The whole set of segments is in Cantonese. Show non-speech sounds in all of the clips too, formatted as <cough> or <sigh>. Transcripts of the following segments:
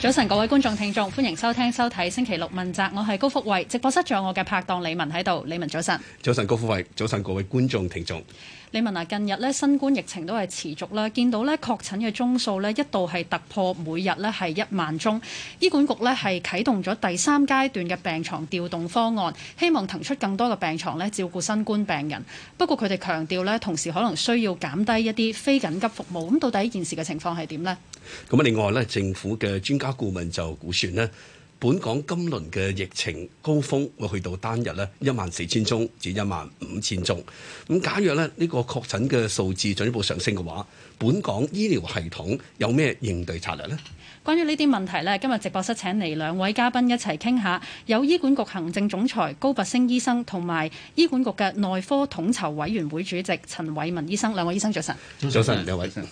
早晨，各位觀眾聽眾，歡迎收聽收睇星期六問責，我係高福慧，直播室仲有我嘅拍檔李文喺度，李文早晨。早晨，高福慧，早晨各位觀眾聽眾。李文啊，近日咧新冠疫情都係持續啦，見到咧確診嘅宗數咧一度係突破每日咧係一萬宗，醫管局咧係啟動咗第三階段嘅病床調動方案，希望騰出更多嘅病床咧照顧新冠病人。不過佢哋強調咧，同時可能需要減低一啲非緊急服務。咁到底現時嘅情況係點呢？咁啊，另外咧政府嘅專家。顧問就估算呢，本港今輪嘅疫情高峰會去到單日呢，一萬四千宗至一萬五千宗。咁假若咧呢個確診嘅數字進一步上升嘅話，本港醫療系統有咩應對策略呢？關於呢啲問題呢，今日直播室請嚟兩位嘉賓一齊傾下。有醫管局行政總裁高拔陞醫生，同埋醫管局嘅內科統籌委員會主席陳偉文醫生。兩個醫生早晨，早晨，兩位醫生。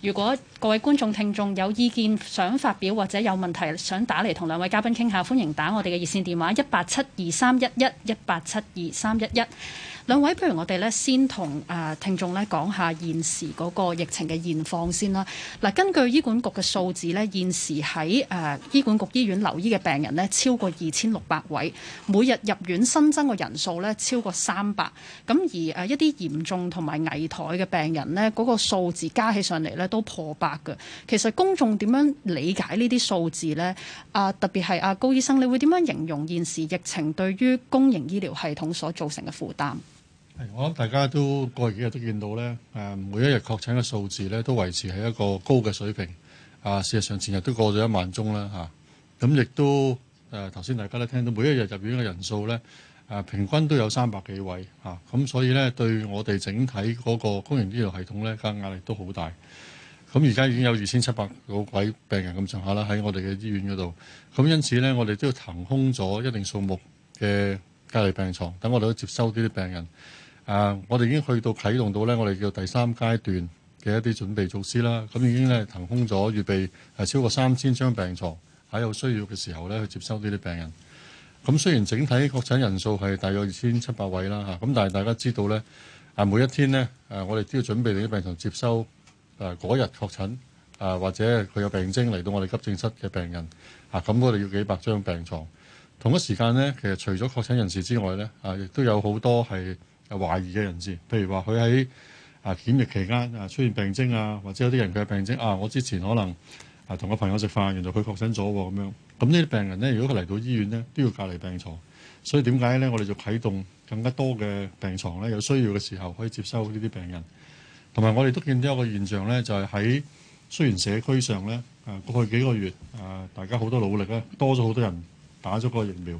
如果各位觀眾、聽眾有意見想發表，或者有問題想打嚟同兩位嘉賓傾下，歡迎打我哋嘅熱線電話一八七二三一一一八七二三一一。兩位，不如我哋咧先同誒聽眾咧講下現時嗰個疫情嘅現況先啦。嗱，根據醫管局嘅數字咧，現時喺誒醫管局醫院留醫嘅病人咧超過二千六百位，每日入院新增嘅人數咧超過三百。咁而誒一啲嚴重同埋危殆嘅病人咧，嗰個數字加起上嚟咧都破百㗎。其實公眾點樣理解呢啲數字咧？啊，特別係阿高醫生，你會點樣形容現時疫情對於公營醫療系統所造成嘅負擔？我諗大家都過去幾日都見到呢，啊、每一日確診嘅數字呢都維持喺一個高嘅水平。啊，事實上前日都過咗一萬宗啦，咁、啊、亦都誒頭先大家都聽到每一日入院嘅人數呢、啊、平均都有三百幾位嚇。咁、啊、所以呢，對我哋整體嗰個公營醫療系統呢，個壓力都好大。咁而家已經有二千七百個位病人咁上下啦喺我哋嘅醫院嗰度。咁因此呢，我哋都要騰空咗一定數目嘅隔離病床，等我哋都接收呢啲病人。啊！我哋已經去到啟動到咧，我哋叫第三階段嘅一啲準備措施啦。咁已經咧騰空咗，預備係超過三千張病床，喺有需要嘅時候咧去接收呢啲病人。咁雖然整體確診人數係大約二千七百位啦嚇，咁但係大家知道咧，啊每一天咧，誒我哋都要準備定啲病床接收誒嗰日確診啊，或者佢有病徵嚟到我哋急症室嘅病人啊，咁我哋要幾百張病床。同一時間咧，其實除咗確診人士之外咧，啊亦都有好多係，有懷疑嘅人士，譬如話佢喺啊檢疫期間啊出現病徵啊，或者有啲人佢有病徵啊，我之前可能啊同個朋友食飯，原來佢確診咗喎咁樣。咁呢啲病人咧，如果佢嚟到醫院咧，都要隔離病床。所以點解咧，我哋就啟動更加多嘅病床咧，有需要嘅時候可以接收呢啲病人。同埋我哋都見到一個現象咧，就係、是、喺雖然社區上咧啊過去幾個月啊大家好多努力咧，多咗好多人打咗個疫苗，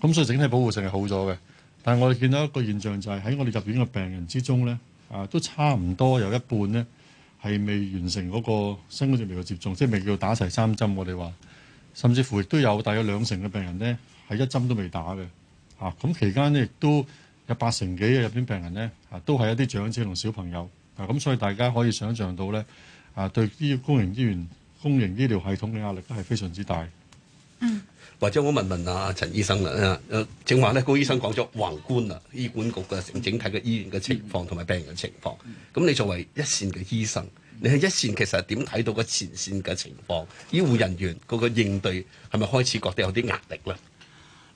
咁所以整體保護性係好咗嘅。但係我哋見到一個現象就係喺我哋入院嘅病人之中咧，啊都差唔多有一半咧係未完成嗰個新冠疫苗嘅接種，即係未叫打齊三針。我哋話，甚至乎亦都有大約兩成嘅病人咧係一針都未打嘅，啊咁期間呢，亦都有八成幾嘅入院病人咧，啊都係一啲長者同小朋友，啊咁所以大家可以想像到咧，啊對啲公營醫院、公營醫療系統嘅壓力都係非常之大。嗯，或者我問問啊陳醫生啦，誒，正話咧高醫生講咗宏觀啊，醫管局嘅整體嘅醫院嘅情況同埋病人嘅情況，咁、嗯嗯、你作為一線嘅醫生，你喺一線其實點睇到個前線嘅情況？醫護人員嗰個應對係咪開始覺得有啲壓力咧？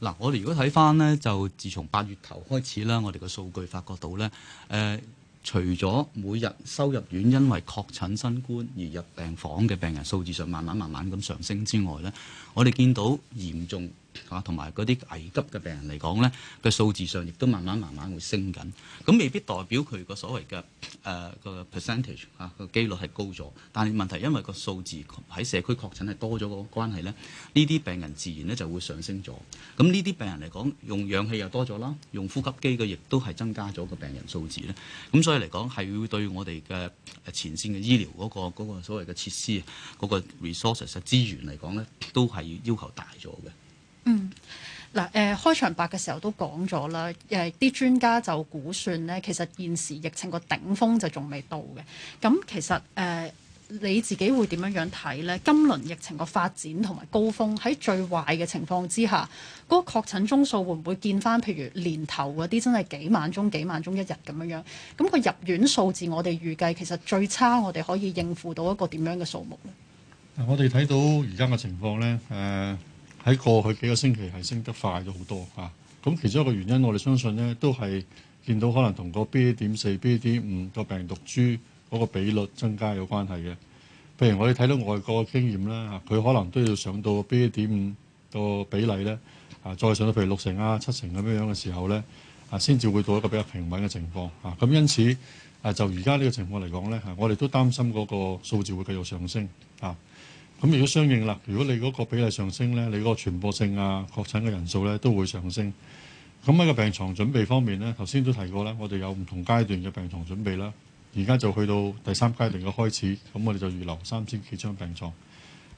嗱、嗯，嗯、我哋如果睇翻咧，就自從八月頭開始啦，我哋嘅數據發覺到咧，誒、呃。除咗每日收入院，因為確診新冠而入病房嘅病人數字上慢慢慢慢咁上升之外咧，我哋見到嚴重嚇同埋嗰啲危急嘅病人嚟講咧，佢數字上亦都慢慢慢慢會升緊，咁未必代表佢個所謂嘅。誒、呃、個 percentage 啊，個機率係高咗，但係問題因為個數字喺社區確診係多咗個關係咧，呢啲病人自然咧就會上升咗。咁呢啲病人嚟講，用氧氣又多咗啦，用呼吸機嘅亦都係增加咗個病人數字咧。咁所以嚟講係會對我哋嘅誒前線嘅醫療嗰、嗰個嗰個所謂嘅設施嗰、嗰個 resources 資源嚟講咧，都係要求大咗嘅。嗯。嗱，誒、呃、開場白嘅時候都講咗啦，誒、呃、啲專家就估算咧，其實現時疫情個頂峰就仲未到嘅。咁其實誒、呃、你自己會點樣樣睇咧？今輪疫情個發展同埋高峰，喺最壞嘅情況之下，嗰、那個確診宗數會唔會見返？譬如年頭嗰啲真係幾萬宗、幾萬宗一日咁樣樣。咁、那、佢、個、入院數字，我哋預計其實最差，我哋可以應付到一個點樣嘅數目咧？我哋睇到而家嘅情況咧，誒、呃。喺過去幾個星期係升得快咗好多嚇，咁、啊、其中一個原因我哋相信呢都係見到可能同個 BA. 點四、BA. 點五個病毒株嗰個比率增加有關係嘅。譬如我哋睇到外國嘅經驗咧嚇，佢、啊、可能都要上到 BA. 點五個比例咧，啊再上到譬如六成啊、七成咁樣樣嘅時候咧，啊先至會到一個比較平穩嘅情況嚇。咁、啊、因此啊，就而家呢個情況嚟講咧嚇，我哋都擔心嗰個數字會繼續上升啊。咁如果相應啦，如果你嗰個比例上升咧，你嗰個傳播性啊、確診嘅人數咧都會上升。咁喺個病床準備方面咧，頭先都提過啦，我哋有唔同階段嘅病床準備啦。而家就去到第三階段嘅開始，咁我哋就預留三千幾張病床。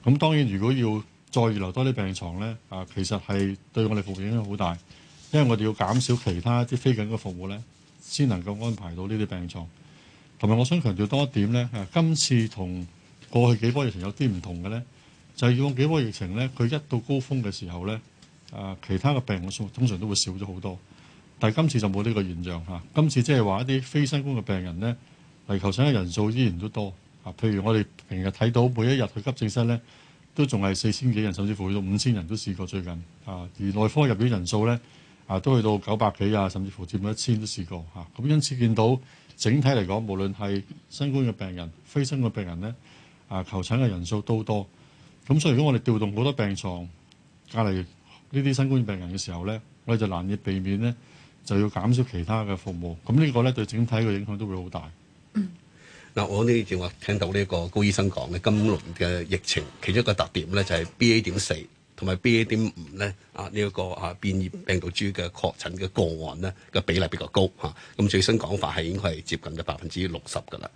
咁當然，如果要再預留多啲病床咧，啊，其實係對我哋服務影響好大，因為我哋要減少其他啲非緊嘅服務咧，先能夠安排到呢啲病床。同埋，我想強調多一點咧，啊，今次同過去幾波疫情有啲唔同嘅咧，就係以往幾波疫情咧，佢一到高峰嘅時候咧，啊，其他嘅病嘅數通常都會少咗好多。但係今次就冇呢個現象，啊，今次即係話一啲非新冠嘅病人咧嚟求診嘅人數依然都多，啊，譬如我哋平日睇到每一日去急症室咧都仲係四千幾人，甚至乎去到五千人都試過最近啊。而內科入院人數咧啊都去到九百幾啊，甚至乎接近一千都試過咁，啊，因此見到整體嚟講，無論係新冠嘅病人、非新冠嘅病人咧。啊！求診嘅人數都多，咁所以如果我哋調動好多病床，隔離呢啲新冠病人嘅時候咧，我哋就難以避免咧，就要減少其他嘅服務。咁呢個咧對整體嘅影響都會好大。嗱、嗯，我呢正話聽到呢個高醫生講嘅今輪嘅疫情其中一個特點咧就係 BA 點四，同埋 B A 點五咧，啊呢一個啊變異病毒株嘅確診嘅個案咧，個比例比較高嚇。咁最新講法係應該係接近咗百分之六十噶啦。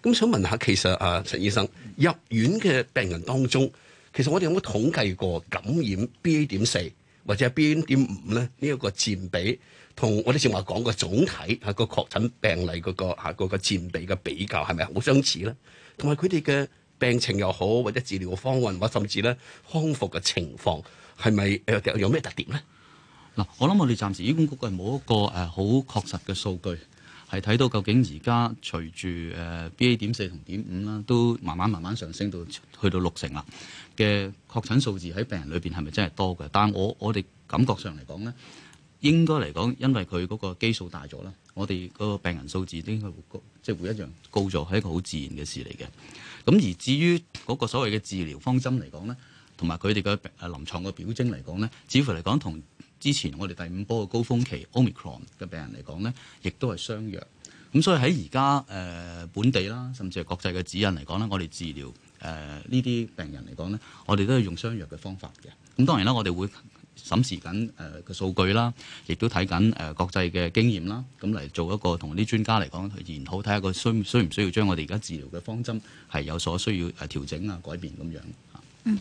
咁想問下，其實啊陳醫生，入院嘅病人當中，其實我哋有冇統計過感染 B A 點四或者 B A 點五咧？呢一個佔比同我哋正話講嘅總體嚇個確診病例嗰個嚇嗰個佔比嘅比較係咪好相似咧？同埋佢哋嘅。病情又好，或者治療嘅方案，或甚至咧康復嘅情況，係咪誒有咩特點咧？嗱，我諗我哋暫時醫管局係冇一個誒、呃、好確實嘅數據，係睇到究竟而家隨住誒 B A 點四同點五啦，呃、5，都慢慢慢慢上升到去到六成啦嘅確診數字喺病人裏邊係咪真係多嘅？但係我我哋感覺上嚟講咧。應該嚟講，因為佢嗰個基數大咗啦，我哋嗰個病人數字都應該會高，即係會一樣高咗，係一個好自然嘅事嚟嘅。咁而至於嗰個所謂嘅治療方針嚟講咧，同埋佢哋嘅臨床嘅表徵嚟講咧，似乎嚟講同之前我哋第五波嘅高峰期 Omicron 嘅病人嚟講咧，亦都係相若。咁所以喺而家誒本地啦，甚至係國際嘅指引嚟講咧，我哋治療誒呢啲病人嚟講咧，我哋都係用相若嘅方法嘅。咁當然啦，我哋會。審視緊誒個數據啦，亦都睇緊誒國際嘅經驗啦，咁嚟做一個同啲專家嚟講去研討，睇下佢需需唔需要將我哋而家治療嘅方針係有所需要誒調整啊、改變咁樣嚇。嗯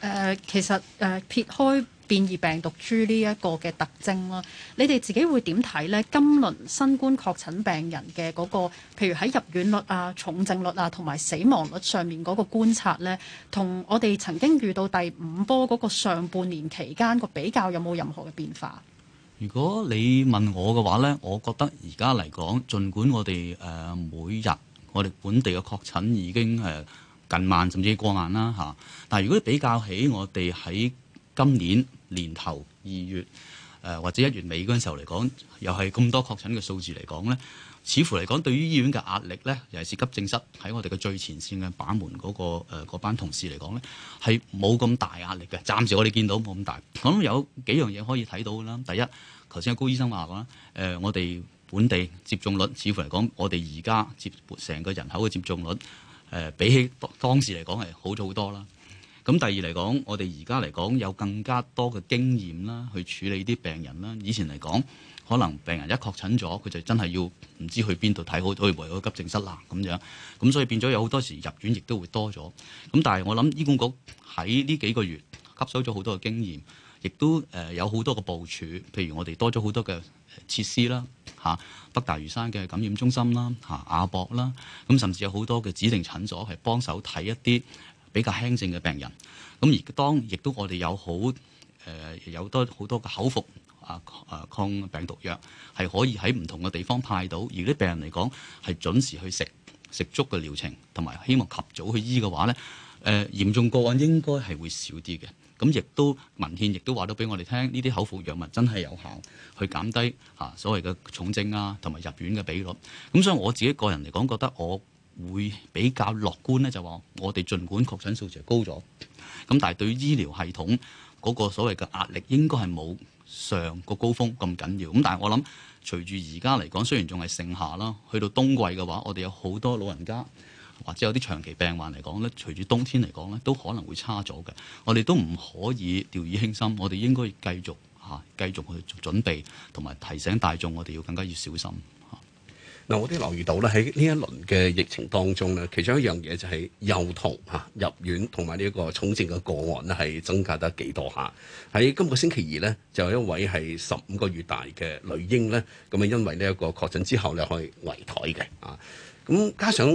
誒、呃，其實誒、呃、撇開變異病毒株呢一個嘅特徵啦，你哋自己會點睇呢？今輪新冠確診病人嘅嗰個，譬如喺入院率啊、重症率啊同埋死亡率上面嗰個觀察呢，同我哋曾經遇到第五波嗰個上半年期間個比較，有冇任何嘅變化？如果你問我嘅話呢，我覺得而家嚟講，儘管我哋誒每日我哋本地嘅確診已經係近萬甚至過萬啦嚇，但係如果比較起我哋喺今年年頭二月，誒、呃、或者一月尾嗰陣時候嚟講，又係咁多確診嘅數字嚟講咧，似乎嚟講對於醫院嘅壓力咧，尤其是急症室喺我哋嘅最前線嘅板門嗰、那個嗰、呃、班同事嚟講咧，係冇咁大壓力嘅。暫時我哋見到冇咁大，咁有幾樣嘢可以睇到啦。第一，頭先阿高醫生話過，誒、呃、我哋本地接種率似乎嚟講，我哋而家接成個人口嘅接種率誒、呃，比起當時嚟講係好咗好多啦。咁第二嚟講，我哋而家嚟講有更加多嘅經驗啦，去處理啲病人啦。以前嚟講，可能病人一確診咗，佢就真係要唔知去邊度睇好，會唔會有急症室啦、啊、咁樣。咁所以變咗有好多時入院亦都會多咗。咁但係我諗醫管局喺呢幾個月吸收咗好多嘅經驗，亦都誒有好多嘅部署，譬如我哋多咗好多嘅設施啦，嚇北大嶼山嘅感染中心啦，嚇亞博啦，咁甚至有好多嘅指定診所係幫手睇一啲比較輕症嘅病人，咁而當亦都我哋有好誒有多好多嘅口服啊抗病毒藥，係可以喺唔同嘅地方派到，而啲病人嚟講係準時去食食足嘅療程，同埋希望及早去醫嘅話咧，誒嚴重個案應該係會少啲嘅。咁亦都文獻亦都話到俾我哋聽，呢啲口服藥物真係有效，去減低嚇所謂嘅重症啊，同埋入院嘅比率。咁所以我自己個人嚟講，覺得我。會比較樂觀咧，就話我哋儘管確診數字高咗，咁但係對於醫療系統嗰個所謂嘅壓力應該係冇上個高峰咁緊要。咁但係我諗，隨住而家嚟講，雖然仲係盛夏啦，去到冬季嘅話，我哋有好多老人家或者有啲長期病患嚟講咧，隨住冬天嚟講咧，都可能會差咗嘅。我哋都唔可以掉以輕心，我哋應該繼續嚇、啊、繼續去做準備同埋提醒大眾，我哋要更加要小心。嗱，我哋留意到咧，喺呢一輪嘅疫情當中咧，其中一樣嘢就係幼童嚇入院同埋呢一個重症嘅個案咧係增加得幾多下？喺今個星期二咧，就有一位係十五個月大嘅女嬰咧，咁啊因為呢一個確診之後咧可以圍台嘅啊，咁加上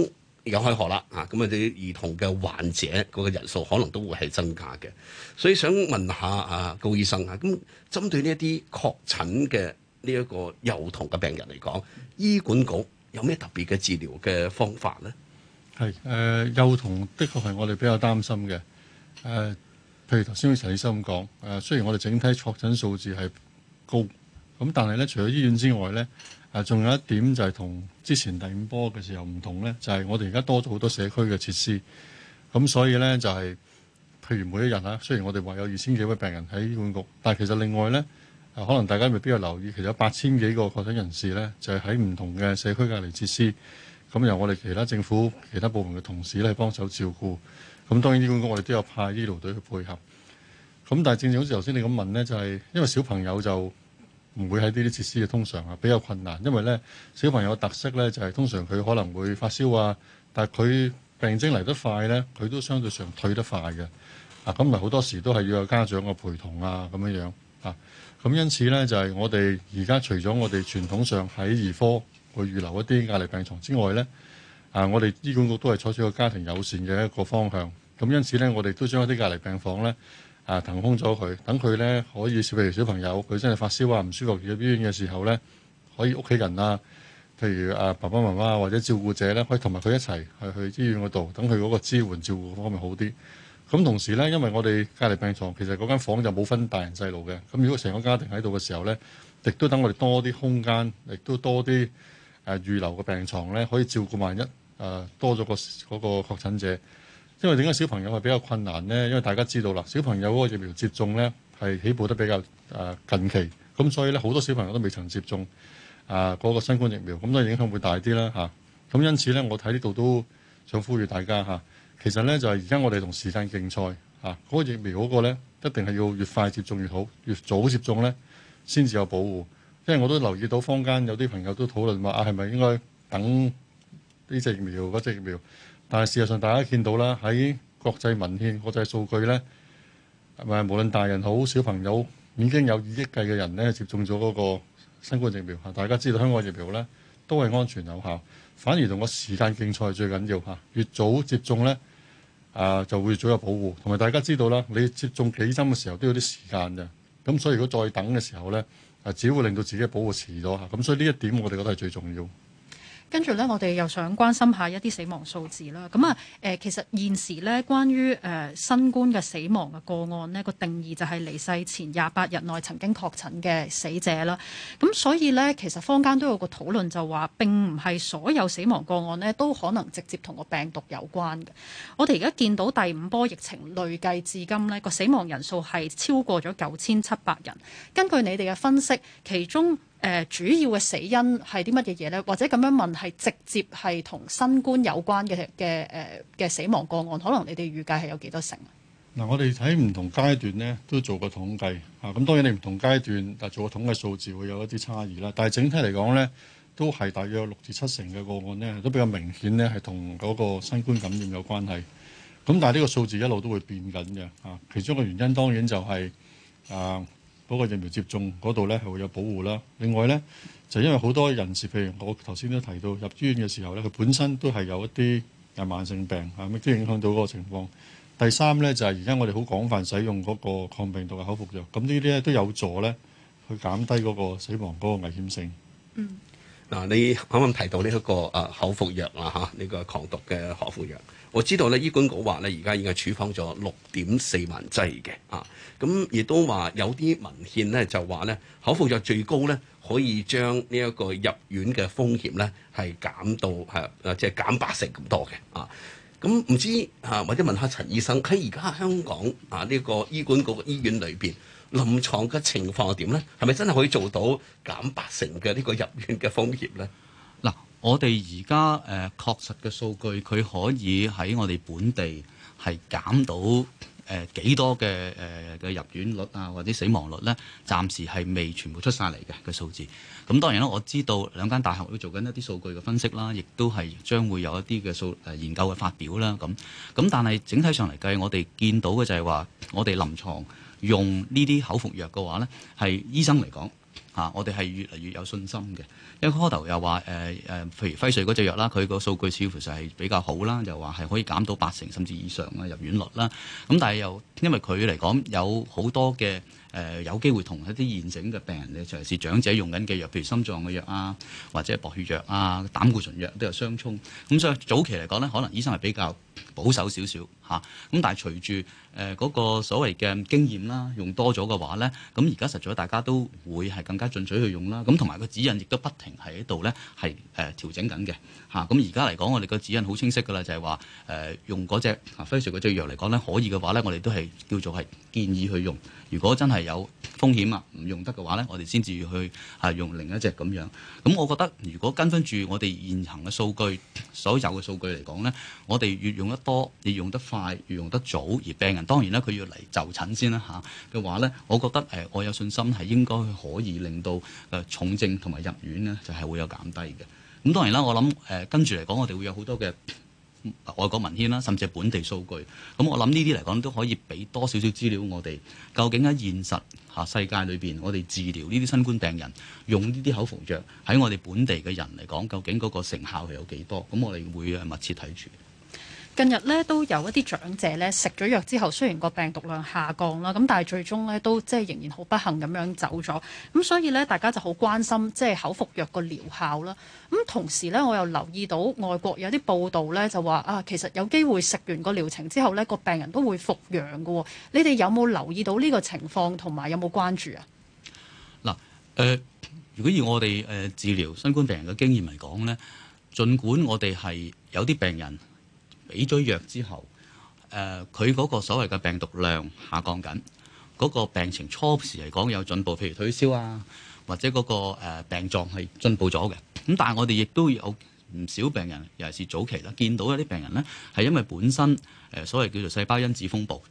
又開學啦啊，咁啊啲兒童嘅患者嗰個人數可能都會係增加嘅，所以想問下啊高醫生啊，咁針對呢一啲確診嘅。呢一個幼童嘅病人嚟講，醫管局有咩特別嘅治療嘅方法呢？係誒、呃、幼童的確係我哋比較擔心嘅誒、呃。譬如頭先陳醫生咁講誒，雖然我哋整體確診數字係高，咁但係咧，除咗醫院之外咧，誒、呃、仲有一點就係同之前第五波嘅時候唔同咧，就係、是、我哋而家多咗好多社區嘅設施。咁、呃、所以咧就係、是，譬如每一日啊，雖然我哋話有二千幾位病人喺醫管局，但係其實另外咧。可能大家未必有留意，其實有八千幾個確診人士呢，就係喺唔同嘅社區隔離設施，咁由我哋其他政府其他部門嘅同事咧幫手照顧。咁當然呢個我哋都有派醫療隊去配合。咁但係正正好似頭先你咁問呢，就係、是、因為小朋友就唔會喺呢啲設施嘅，通常啊比較困難，因為呢小朋友嘅特色呢，就係、是、通常佢可能會發燒啊，但係佢病徵嚟得快呢，佢都相對上退得快嘅。啊，咁咪好多時都係要有家長嘅陪同啊，咁樣樣。咁因此咧，就係我哋而家除咗我哋傳統上喺兒科，去預留一啲隔離病床之外咧，啊，我哋醫管局都係採取一個家庭友善嘅一個方向。咁因此咧，我哋都將一啲隔離病房咧，啊，騰空咗佢，等佢咧可以，譬如小朋友佢真係發燒啊、唔舒服入醫院嘅時候咧，可以屋企人啊，譬如啊，爸爸媽媽或者照顧者咧，可以同埋佢一齊去去醫院嗰度，等佢嗰個支援照顧方面好啲。咁同時咧，因為我哋隔離病床，其實嗰間房就冇分大人細路嘅，咁如果成個家庭喺度嘅時候咧，亦都等我哋多啲空間，亦都多啲誒、呃、預留嘅病床咧，可以照顧萬一、呃、多咗個嗰、嗰個確診者。因為點解小朋友係比較困難咧？因為大家知道啦，小朋友嗰個疫苗接種咧係起步得比較、呃、近期，咁所以咧好多小朋友都未曾接種啊嗰、呃嗰個新冠疫苗，咁都影響會大啲啦咁、啊、因此咧，我喺呢度都想呼籲大家、啊其實咧就係而家我哋同時間競賽啊嗰、嗰個疫苗嗰個咧一定係要越快接種越好，越早接種咧先至有保護。因為我都留意到坊間有啲朋友都討論話啊，係咪應該等呢隻疫苗嗰隻、嗰個、疫苗？但係事實上大家見到啦，喺國際文獻、國際數據咧，咪、啊、無論大人好小朋友已經有二億計嘅人咧接種咗嗰個新冠疫苗、啊、大家知道香港疫苗咧都係安全有效，反而同個時間競賽最緊要嚇、啊，越早接種咧。啊，就會早有保護，同埋大家知道啦，你接種幾針嘅時候都要啲時間嘅，咁所以如果再等嘅時候咧，啊，只會令到自己嘅保護遲咗吓，咁所以呢一點我哋覺得係最重要。跟住咧，我哋又想關心下一啲死亡數字啦。咁啊、呃，其實現時咧，關於、呃、新冠嘅死亡嘅個案呢，個定義就係離世前廿八日內曾經確診嘅死者啦。咁所以咧，其實坊間都有個討論，就話並唔係所有死亡個案呢都可能直接同個病毒有關嘅。我哋而家見到第五波疫情累計至今呢，個死亡人數係超過咗九千七百人。根據你哋嘅分析，其中。誒、呃、主要嘅死因係啲乜嘢嘢咧？或者咁樣問係直接係同新冠有關嘅嘅誒嘅死亡個案，可能你哋預計係有幾多成？嗱、呃，我哋喺唔同階段咧都做過統計啊。咁當然你唔同階段但係、啊、做個統計嘅數字會有一啲差異啦。但係整體嚟講咧，都係大約六至七成嘅個案咧都比較明顯咧係同嗰個新冠感染有關係。咁、啊、但係呢個數字一路都會變緊嘅啊。其中嘅原因當然就係、是、啊。嗰個疫苗接種嗰度咧係會有保護啦。另外咧就因為好多人士，譬如我頭先都提到入醫院嘅時候咧，佢本身都係有一啲係慢性病嚇，都影響到嗰個情況。第三咧就係而家我哋好廣泛使用嗰個抗病毒嘅口服藥，咁呢啲咧都有助咧去減低嗰個死亡嗰個危險性。嗯，嗱，你啱啱提到呢一個啊口服藥啊嚇，呢個抗毒嘅口服藥。這個我知道咧，醫管局話咧，而家已經係處方咗六點四萬劑嘅，啊，咁亦都話有啲文獻咧就話咧，口服藥最高咧可以將呢一個入院嘅風險咧係減到啊，即係減八成咁多嘅，啊，咁唔知啊，或者問下陳醫生，喺而家香港啊呢個醫管局嘅醫院裏面臨床嘅情況點咧？係咪真係可以做到減八成嘅呢個入院嘅風險咧？我哋而家誒確實嘅數據，佢可以喺我哋本地係減到誒、呃、幾多嘅誒嘅入院率啊，或者死亡率呢，暫時係未全部出晒嚟嘅個數字。咁、嗯、當然啦，我知道兩間大學都做緊一啲數據嘅分析啦，亦都係將會有一啲嘅數誒研究嘅發表啦。咁咁，但係整體上嚟計，我哋見到嘅就係話，我哋臨床用呢啲口服藥嘅話呢，係醫生嚟講。嚇、啊！我哋係越嚟越有信心嘅，因為開頭又話誒誒，譬如輝瑞嗰隻藥啦，佢個數據似乎就係比較好啦，又話係可以減到八成甚至以上嘅入院率啦。咁但係又因為佢嚟講有好多嘅。誒、呃、有機會同一啲現成嘅病人咧，尤其是長者用緊嘅藥，譬如心臟嘅藥啊，或者薄血藥啊、膽固醇藥都有相衝。咁所以早期嚟講咧，可能醫生係比較保守少少嚇。咁、啊、但係隨住誒嗰個所謂嘅經驗啦，用多咗嘅話咧，咁而家實在大家都會係更加進取去用啦。咁同埋個指引亦都不停喺度咧，係誒調整緊嘅嚇。咁而家嚟講，我哋個指引好清晰噶啦，就係話誒用嗰隻非瑞嗰隻藥嚟講咧，可以嘅話咧，我哋都係叫做係建議去用。如果真係有風險啊，唔用得嘅話呢，我哋先至去係用另一隻咁樣。咁我覺得，如果跟翻住我哋現行嘅數據，所有嘅數據嚟講呢，我哋越用得多，越用得快，越用得早，而病人當然啦，佢要嚟就診先啦吓嘅話呢，我覺得誒、呃，我有信心係應該可以令到誒、呃、重症同埋入院呢，就係、是、會有減低嘅。咁當然啦，我諗誒、呃、跟住嚟講，我哋會有好多嘅。外國文獻啦，甚至係本地數據，咁我諗呢啲嚟講都可以俾多少少資料我哋。究竟喺現實世界裏面，我哋治療呢啲新冠病人用呢啲口服藥，喺我哋本地嘅人嚟講，究竟嗰個成效係有幾多？咁我哋會密切睇住。近日咧都有一啲長者咧食咗藥之後，雖然個病毒量下降啦，咁但係最終咧都即係仍然好不幸咁樣走咗。咁所以咧，大家就好關心即係口服藥個療效啦。咁同時咧，我又留意到外國有啲報道咧就話啊，其實有機會食完個療程之後咧，個病人都會復陽㗎。你哋有冇留意到呢個情況，同埋有冇關注啊？嗱，誒，如果以我哋誒治療新冠病人嘅經驗嚟講咧，儘管我哋係有啲病人。俾咗藥之後，誒佢嗰個所謂嘅病毒量下降緊，嗰、那個病情初時嚟講有進步，譬如退燒啊，或者嗰、那個、呃、病狀係進步咗嘅。咁、嗯、但係我哋亦都有唔少病人，尤其是早期啦，見到有啲病人咧係因為本身、呃、所謂叫做細胞因子風暴。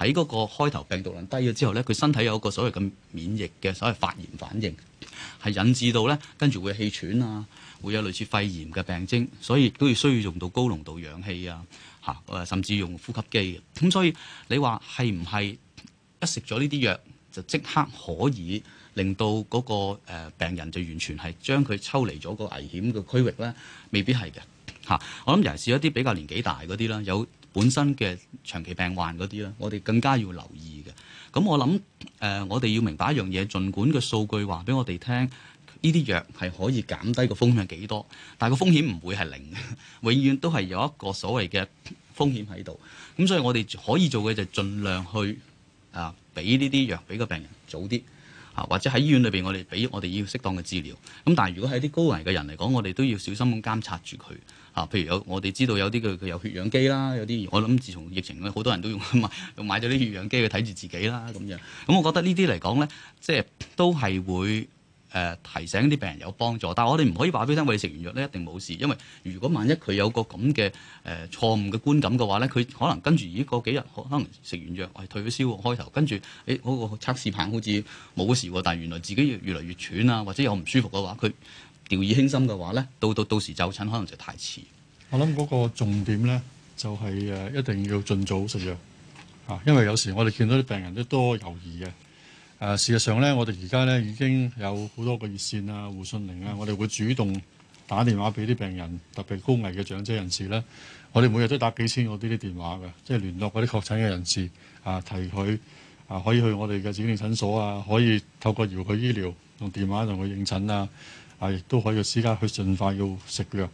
喺嗰個開頭病毒量低咗之後咧，佢身體有個所謂嘅免疫嘅所謂嘅發炎反應，係引致到咧跟住會有氣喘啊，會有類似肺炎嘅病徵，所以都要需要用到高濃度氧氣啊，嚇，甚至用呼吸機。咁所以你話係唔係一食咗呢啲藥就即刻可以令到嗰個病人就完全係將佢抽離咗個危險嘅區域咧？未必係嘅，嚇。我諗尤其是一啲比較年紀大嗰啲啦，有，本身嘅長期病患嗰啲啦，我哋更加要留意嘅。咁我諗誒、呃，我哋要明白一樣嘢，儘管個數據話俾我哋聽，呢啲藥係可以減低個風險幾多，但係個風險唔會係零嘅，永遠都係有一個所謂嘅風險喺度。咁所以我哋可以做嘅就係盡量去啊，俾呢啲藥俾個病人早啲啊，或者喺醫院裏邊我哋俾我哋要適當嘅治療。咁但係如果係啲高危嘅人嚟講，我哋都要小心咁監察住佢。啊，譬如有我哋知道有啲佢佢有血氧機啦，有啲我諗自從疫情好多人都用，用買，買咗啲血氧機去睇住自己啦咁樣。咁我覺得呢啲嚟講咧，即係都係會、呃、提醒啲病人有幫助。但我哋唔可以話俾佢聽，我哋食完藥咧一定冇事，因為如果萬一佢有個咁嘅誒錯誤嘅觀感嘅話咧，佢可能跟住咦過幾日可能食完藥係、哎、退咗燒開頭，跟住誒嗰個測試棒好似冇事喎，但原來自己越嚟越喘啊，或者有唔舒服嘅話，佢。掉以輕心嘅話呢，到到到時就診可能就太遲。我諗嗰個重點呢，就係誒一定要盡早食藥啊，因為有時候我哋見到啲病人都多猶豫嘅。誒，事實上呢，我哋而家呢已經有好多個熱線啊、護訊鈴啊，我哋會主動打電話俾啲病人，特別高危嘅長者人士呢，我哋每日都打幾千個呢啲電話嘅，即係聯絡嗰啲確診嘅人士啊，提佢啊可以去我哋嘅指定診所啊，可以透過遙距醫療，用電話同佢應診啊。係，亦、啊、都可以嘅時間去盡快要食藥。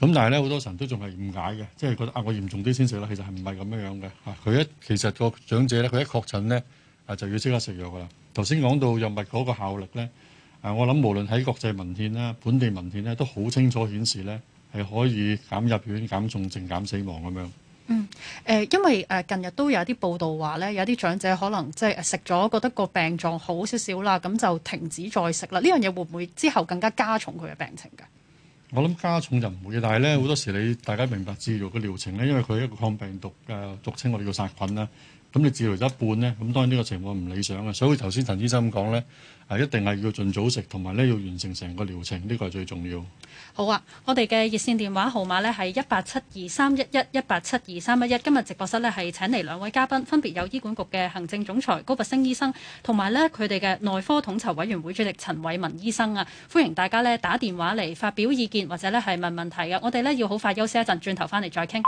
咁但係咧，好多神都仲係誤解嘅，即係覺得啊，我嚴重啲先食啦。其實係唔係咁樣嘅。嚇，佢一其實個長者咧，佢一確診咧，啊就要即刻食藥㗎啦。頭先講到藥物嗰個效力咧，啊，我諗、啊啊啊、無論喺國際文獻啦、本地文獻咧，都好清楚顯示咧，係可以減入院、減重症、減死亡咁樣。嗯，誒，因為誒近日都有啲報道話咧，有啲長者可能即係食咗覺得個病狀好少少啦，咁就停止再食啦。呢樣嘢會唔會之後更加加重佢嘅病情㗎？我諗加重就唔會嘅，但係咧，好多時你大家明白治療嘅療程咧，因為佢一個抗病毒嘅俗稱，我哋叫殺菌啦。咁你治療咗一半呢，咁當然呢個情況唔理想嘅。所以頭先陳醫生咁講呢，誒一定係要盡早食，同埋呢要完成成個療程，呢個係最重要。好啊，我哋嘅熱線電話號碼呢係一八七二三一一一八七二三一一。今日直播室呢係請嚟兩位嘉賓，分別有醫管局嘅行政總裁高拔陞醫生，同埋呢佢哋嘅內科統籌委員會主席陳偉文醫生啊。歡迎大家呢打電話嚟發表意見，或者呢係問問題嘅。我哋呢要好快休息一陣，轉頭翻嚟再傾。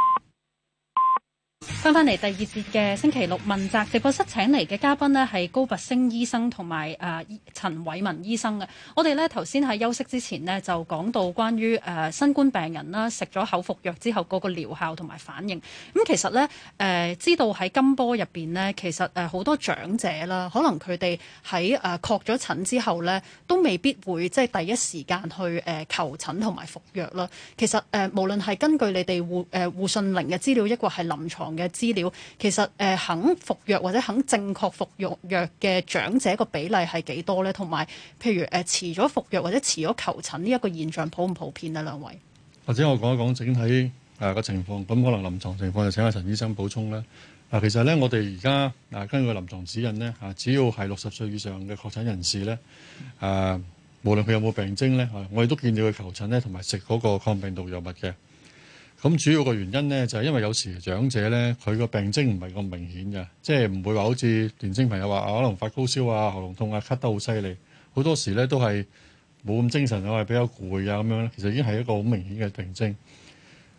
翻翻嚟第二節嘅星期六問責直播室，請嚟嘅嘉賓咧係高拔陞醫生同埋啊陳偉文醫生嘅。我哋呢頭先喺休息之前呢，就講到關於誒、呃、新冠病人啦，食咗口服藥之後嗰個療效同埋反應。咁、嗯、其實呢，誒、呃、知道喺金波入邊呢，其實誒好多長者啦，可能佢哋喺誒確咗診之後呢，都未必會即係第一時間去誒、呃、求診同埋服藥啦。其實誒、呃、無論係根據你哋互誒護訊鈴嘅資料，抑或係臨床。嘅資料其實誒、呃、肯服藥或者肯正確服藥嘅長者個比例係幾多咧？同埋譬如誒、呃、遲咗服藥或者遲咗求診呢一個現象普唔普遍啊？兩位或者我講一講整體誒個、呃、情況咁，可能臨床情況就請阿陳醫生補充啦。啊、呃，其實咧我哋而家啊根據臨床指引咧，啊、呃、只要係六十歲以上嘅確診人士咧，啊、呃、無論佢有冇病徵咧、呃，我哋都建議佢求診咧，同埋食嗰個抗病毒藥物嘅。咁主要個原因呢，就係因為有時長者呢，佢個病徵唔係咁明顯嘅，即係唔會話好似年青朋友話可能發高燒啊、喉嚨痛啊、咳得好犀利，好多時呢，都係冇咁精神啊，係比較攰啊咁樣呢，其實已經係一個好明顯嘅病徵。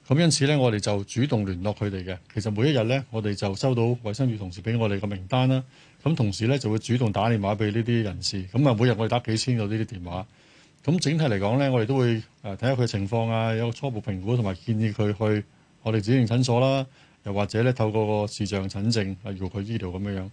咁因此呢，我哋就主動聯絡佢哋嘅。其實每一日呢，我哋就收到衛生署同事俾我哋個名單啦。咁同時呢，就會主動打電話俾呢啲人士。咁啊，每日我哋打幾千個呢啲電話。咁整體嚟講咧，我哋都會誒睇下佢嘅情況啊，有初步評估同埋建議佢去我哋指定診所啦，又或者咧透過個視像診症啊，邀佢醫療咁樣樣。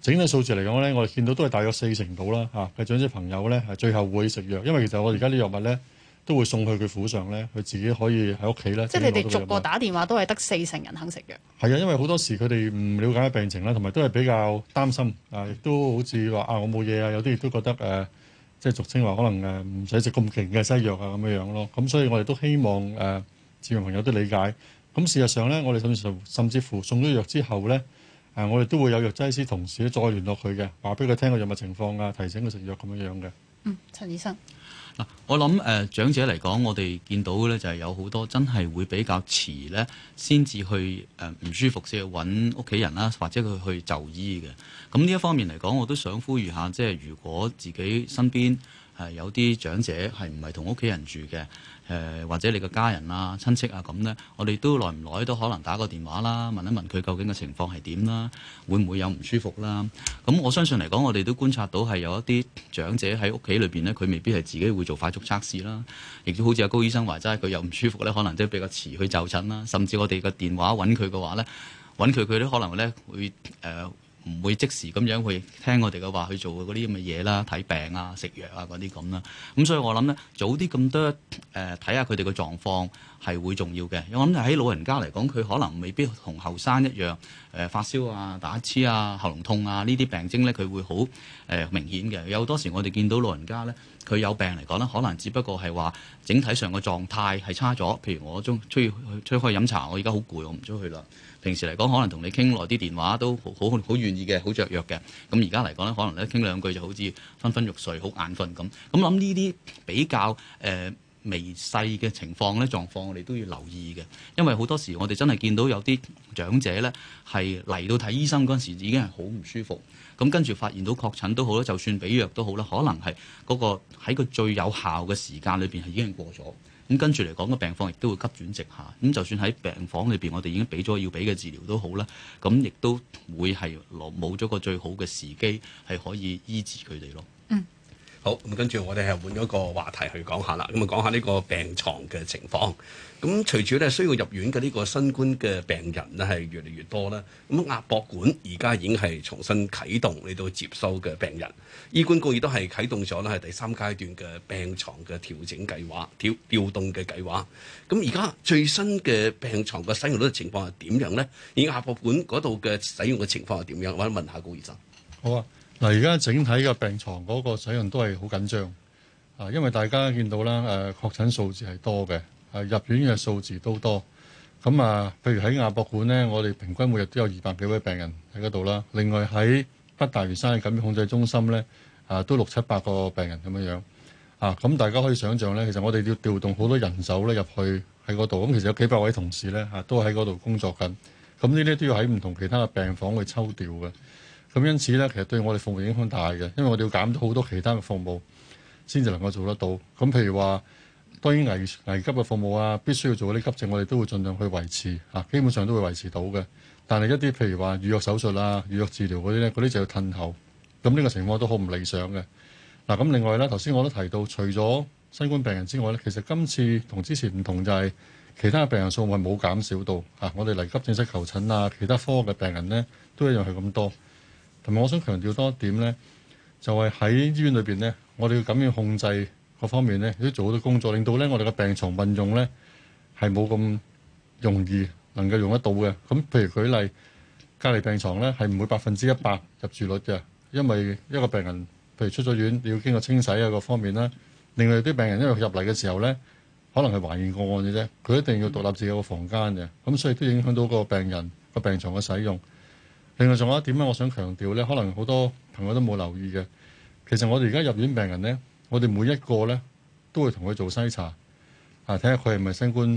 整體數字嚟講咧，我哋見到都係大約四成到啦嚇。嘅、啊、總之朋友咧，係最後會食藥，因為其實我哋而家啲藥物咧都會送去佢府上咧，佢自己可以喺屋企咧。即係你哋逐個打電話都係得四成人肯食藥。係啊，因為好多時佢哋唔了解病情啦，同埋都係比較擔心啊，亦都好似話啊，我冇嘢啊，有啲亦都覺得誒。啊即係俗稱話，可能誒唔使食咁勁嘅西藥啊，咁樣樣咯。咁所以我哋都希望誒市民朋友都理解。咁事實上咧，我哋甚至甚至乎送咗藥之後咧，誒、呃、我哋都會有藥劑師同事再聯絡佢嘅，話俾佢聽個藥物情況啊，提醒佢食藥咁樣樣嘅。嗯，陳醫生。嗱，我諗誒、呃、長者嚟講，我哋見到咧就係、有好多真係會比較遲咧，先至去誒唔舒服先去揾屋企人啦，或者佢去就醫嘅。咁呢一方面嚟講，我都想呼籲下，即、就、係、係、如果自己身邊係、呃、有啲長者係唔係同屋企人住嘅。誒、呃、或者你嘅家人啊、親戚啊咁呢，我哋都耐唔耐都可能打個電話啦，問一問佢究竟嘅情況係點啦，會唔會有唔舒服啦？咁、嗯、我相信嚟講，我哋都觀察到係有一啲長者喺屋企裏面呢，佢未必係自己會做快速測試啦，亦都好似阿高醫生話齋，佢有唔舒服呢，可能都比較遲去就診啦，甚至我哋個電話揾佢嘅話呢，揾佢佢都可能呢會誒。呃唔會即時咁樣去聽我哋嘅話去做嗰啲咁嘅嘢啦，睇病啊、食藥啊嗰啲咁啦。咁所以我諗咧，早啲咁多誒睇下佢哋嘅狀況。係會重要嘅，我諗喺老人家嚟講，佢可能未必同後生一樣，誒、呃、發燒啊、打痴啊、喉嚨痛啊症呢啲病徵咧，佢會好、呃、明顯嘅。有多時我哋見到老人家咧，佢有病嚟講咧，可能只不過係話整體上個狀態係差咗。譬如我中意出去出去飲茶，我而家好攰，我唔出去啦。平時嚟講，可能同你傾耐啲電話都好好好願意嘅，好雀躍嘅。咁而家嚟講咧，可能咧傾兩句就好似昏昏欲睡、好眼瞓咁。咁諗呢啲比較、呃微細嘅情況咧、狀況，我哋都要留意嘅，因為好多時我哋真係見到有啲長者呢，係嚟到睇醫生嗰陣時已經係好唔舒服，咁跟住發現到確診都好啦，就算俾藥都好啦，可能係嗰個喺個最有效嘅時間裏邊係已經過咗，咁跟住嚟講個病房亦都會急轉直下，咁就算喺病房裏邊我哋已經俾咗要俾嘅治療都好啦，咁亦都會係落冇咗個最好嘅時機係可以醫治佢哋咯。好咁，跟住我哋係換咗個話題去講下啦。咁啊，講下呢個病床嘅情況。咁隨住咧需要入院嘅呢個新冠嘅病人呢，係越嚟越多啦。咁亞博館而家已經係重新啟動嚟到接收嘅病人，醫管局亦都係啟動咗呢係第三階段嘅病床嘅調整計劃、調調動嘅計劃。咁而家最新嘅病床嘅使用率個情況係點樣咧？而亞博館嗰度嘅使用嘅情況係點樣？我想問,問一下高醫生。好啊。嗱，而家整體嘅病床嗰個使用都係好緊張啊！因為大家見到啦，誒確診數字係多嘅，誒入院嘅數字都多。咁啊，譬如喺亞博館呢，我哋平均每日都有二百幾位病人喺嗰度啦。另外喺北大嶼山嘅感染控制中心呢，啊都六七百個病人咁樣樣啊！咁大家可以想像呢，其實我哋要調動好多人手咧入去喺嗰度，咁其實有幾百位同事呢，嚇都喺嗰度工作緊。咁呢啲都要喺唔同其他嘅病房去抽調嘅。咁因此咧，其實對我哋服務的影響大嘅，因為我哋要減到好多其他嘅服務先至能夠做得到。咁譬如話，當然危危急嘅服務啊，必須要做嗰啲急症，我哋都會盡量去維持嚇、啊，基本上都會維持到嘅。但係一啲譬如話預約手術啊、預約治療嗰啲咧，嗰啲就要褪後。咁呢個情況都好唔理想嘅嗱。咁另外咧，頭先我都提到，除咗新冠病人之外咧，其實今次同之前唔同就係其他嘅病人數目係冇減少到嚇、啊。我哋嚟急症室求診啊，其他科嘅病人咧都一樣係咁多。同埋，我想強調多一點呢，就係喺醫院裏面呢，我哋要感染控制各方面呢，都要做好多工作，令到呢我哋嘅病床運用呢，係冇咁容易能夠用得到嘅。咁譬如舉例，隔離病床呢，係唔會百分之一百入住率嘅，因為一個病人譬如出咗院，你要經過清洗啊各方面啦。另外啲病人因為入嚟嘅時候呢，可能係懷疑個案嘅啫，佢一定要獨立自己個房間嘅，咁所以都影響到個病人個病床嘅使用。另外仲有一點咧，我想強調咧，可能好多朋友都冇留意嘅。其實我哋而家入院病人咧，我哋每一個咧，都會同佢做篩查，啊，睇下佢係咪新冠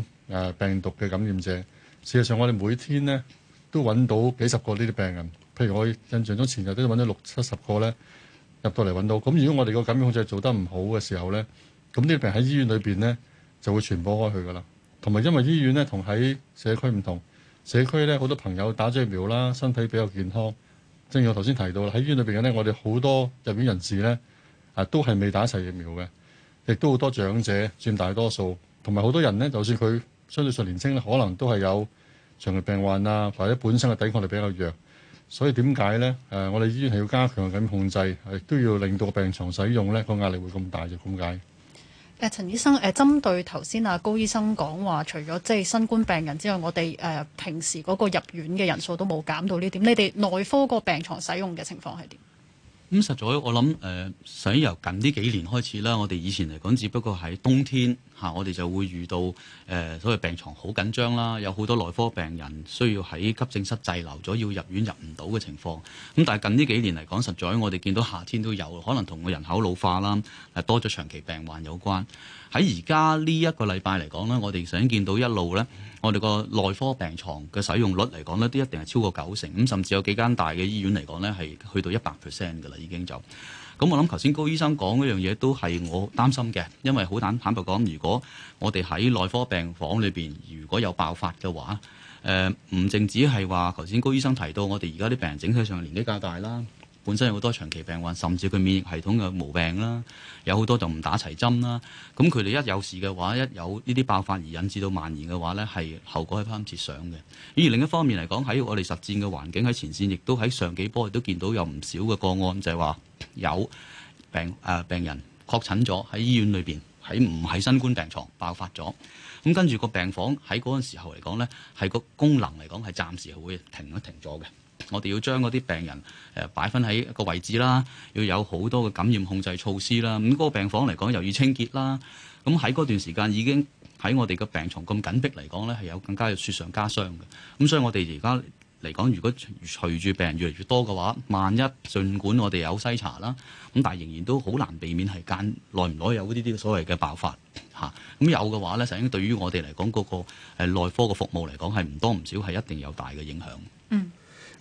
病毒嘅感染者。事實上，我哋每天咧都揾到幾十個呢啲病人。譬如我印象中前日都揾咗六七十個咧入到嚟揾到。咁如果我哋個感染控制做得唔好嘅時候咧，咁呢啲病喺醫院裏面咧就會傳播開去㗎啦。同埋因為醫院咧同喺社區唔同。社區咧好多朋友打咗疫苗啦，身體比較健康。正如我頭先提到啦，喺醫院裏面嘅咧，我哋好多入院人士咧，啊都係未打齊疫苗嘅，亦都好多長者佔大多數，同埋好多人咧，就算佢相對上年青咧，可能都係有長期病患啊，或者本身嘅抵抗力比較弱，所以點解咧？誒，我哋醫院係要加強咁控制，亦都要令到病床使用咧，個壓力會咁大嘅，咁解。誒、呃、陳醫生、呃、針對頭先、啊、高醫生講話，除咗即係新冠病人之外，我哋、呃、平時嗰個入院嘅人數都冇減到呢點。你哋內科個病床使用嘅情況係點？咁、嗯、實在我諗想、呃、想由近呢幾年開始啦，我哋以前嚟講，只不過喺冬天。吓，我哋就會遇到誒，所謂病床好緊張啦，有好多內科病人需要喺急症室滯留咗，要入院入唔到嘅情況。咁但係近呢幾年嚟講，實在我哋見到夏天都有，可能同個人口老化啦，多咗長期病患有關。喺而家呢一個禮拜嚟講呢，我哋想見到一路呢，我哋個內科病床嘅使用率嚟講呢都一定係超過九成。咁甚至有幾間大嘅醫院嚟講呢係去到一百 percent 㗎啦，已經就。咁我諗頭先高醫生講嗰樣嘢都係我擔心嘅，因為好坦坦白講，如果我哋喺內科病房裏面如果有爆發嘅話，誒唔淨止係話頭先高醫生提到我哋而家啲病人整體上年紀較大啦，本身有好多長期病患，甚至佢免疫系統嘅毛病啦，有好多就唔打齊針啦。咁佢哋一有事嘅話，一有呢啲爆發而引致到蔓延嘅話呢，係後果係不堪設想嘅。而另一方面嚟講，喺我哋實戰嘅環境喺前線，亦都喺上幾波亦都見到有唔少嘅個案，就係話。有病誒、啊、病人確診咗喺醫院裏邊，喺唔喺新冠病床爆發咗？咁跟住個病房喺嗰陣時候嚟講呢，係個功能嚟講係暫時會停一停咗嘅。我哋要將嗰啲病人誒擺翻喺一個位置啦，要有好多嘅感染控制措施啦。咁、那、嗰個病房嚟講，又要清潔啦。咁喺嗰段時間已經喺我哋嘅病床咁緊迫嚟講呢係有更加雪上加霜嘅。咁所以我哋而家嚟講，如果隨住病人越嚟越多嘅話，萬一儘管我哋有篩查啦，咁但係仍然都好難避免係間耐唔耐有呢啲所謂嘅爆發嚇。咁、啊嗯、有嘅話咧，實應對於我哋嚟講嗰個係內科嘅服務嚟講係唔多唔少，係一定有大嘅影響。嗯，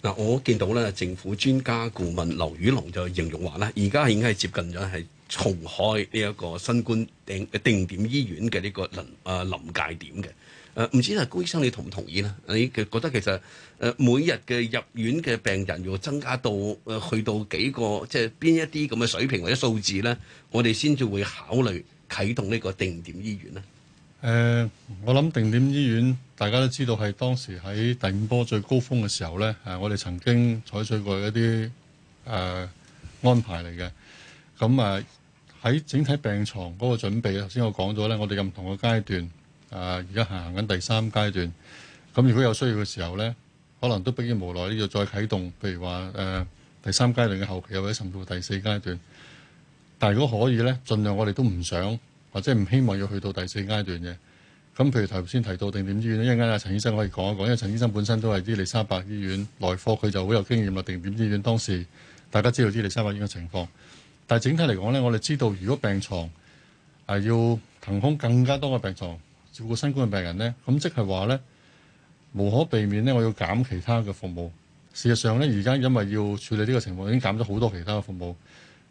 嗱、嗯，我見到咧，政府專家顧問劉宇龍就形容話咧，而家已經係接近咗係重開呢一個新冠定定點醫院嘅呢個臨啊臨界點嘅。誒唔知阿高醫生你同唔同意咧？你嘅覺得其實誒每日嘅入院嘅病人要增加到誒去到幾個，即係邊一啲咁嘅水平或者數字咧？我哋先至會考慮啟動呢個定點醫院咧。誒、呃，我諗定點醫院大家都知道係當時喺第五波最高峰嘅時候咧，誒，我哋曾經採取過一啲誒、呃、安排嚟嘅。咁誒喺整體病床嗰個準備，頭先我講咗咧，我哋唔同嘅階段。啊！而家行緊第三階段，咁如果有需要嘅時候呢，可能都迫於無奈呢，要再啟動。譬如話誒、呃、第三階段嘅後期，或者甚至到第四階段。但係如果可以呢，儘量我哋都唔想或者唔希望要去到第四階段嘅。咁譬如頭先提到定點醫院，一陣間阿陳醫生可以講一講，因為陳醫生本身都係伊利沙伯醫院內科，佢就好有經驗啦。定點醫院當時大家知道伊利沙伯醫院嘅情況，但係整體嚟講呢，我哋知道如果病床係要騰空更加多嘅病床。照顧新冠嘅病人呢，咁即係話呢，無可避免呢，我要減其他嘅服務。事實上呢，而家因為要處理呢個情況，已經減咗好多其他嘅服務。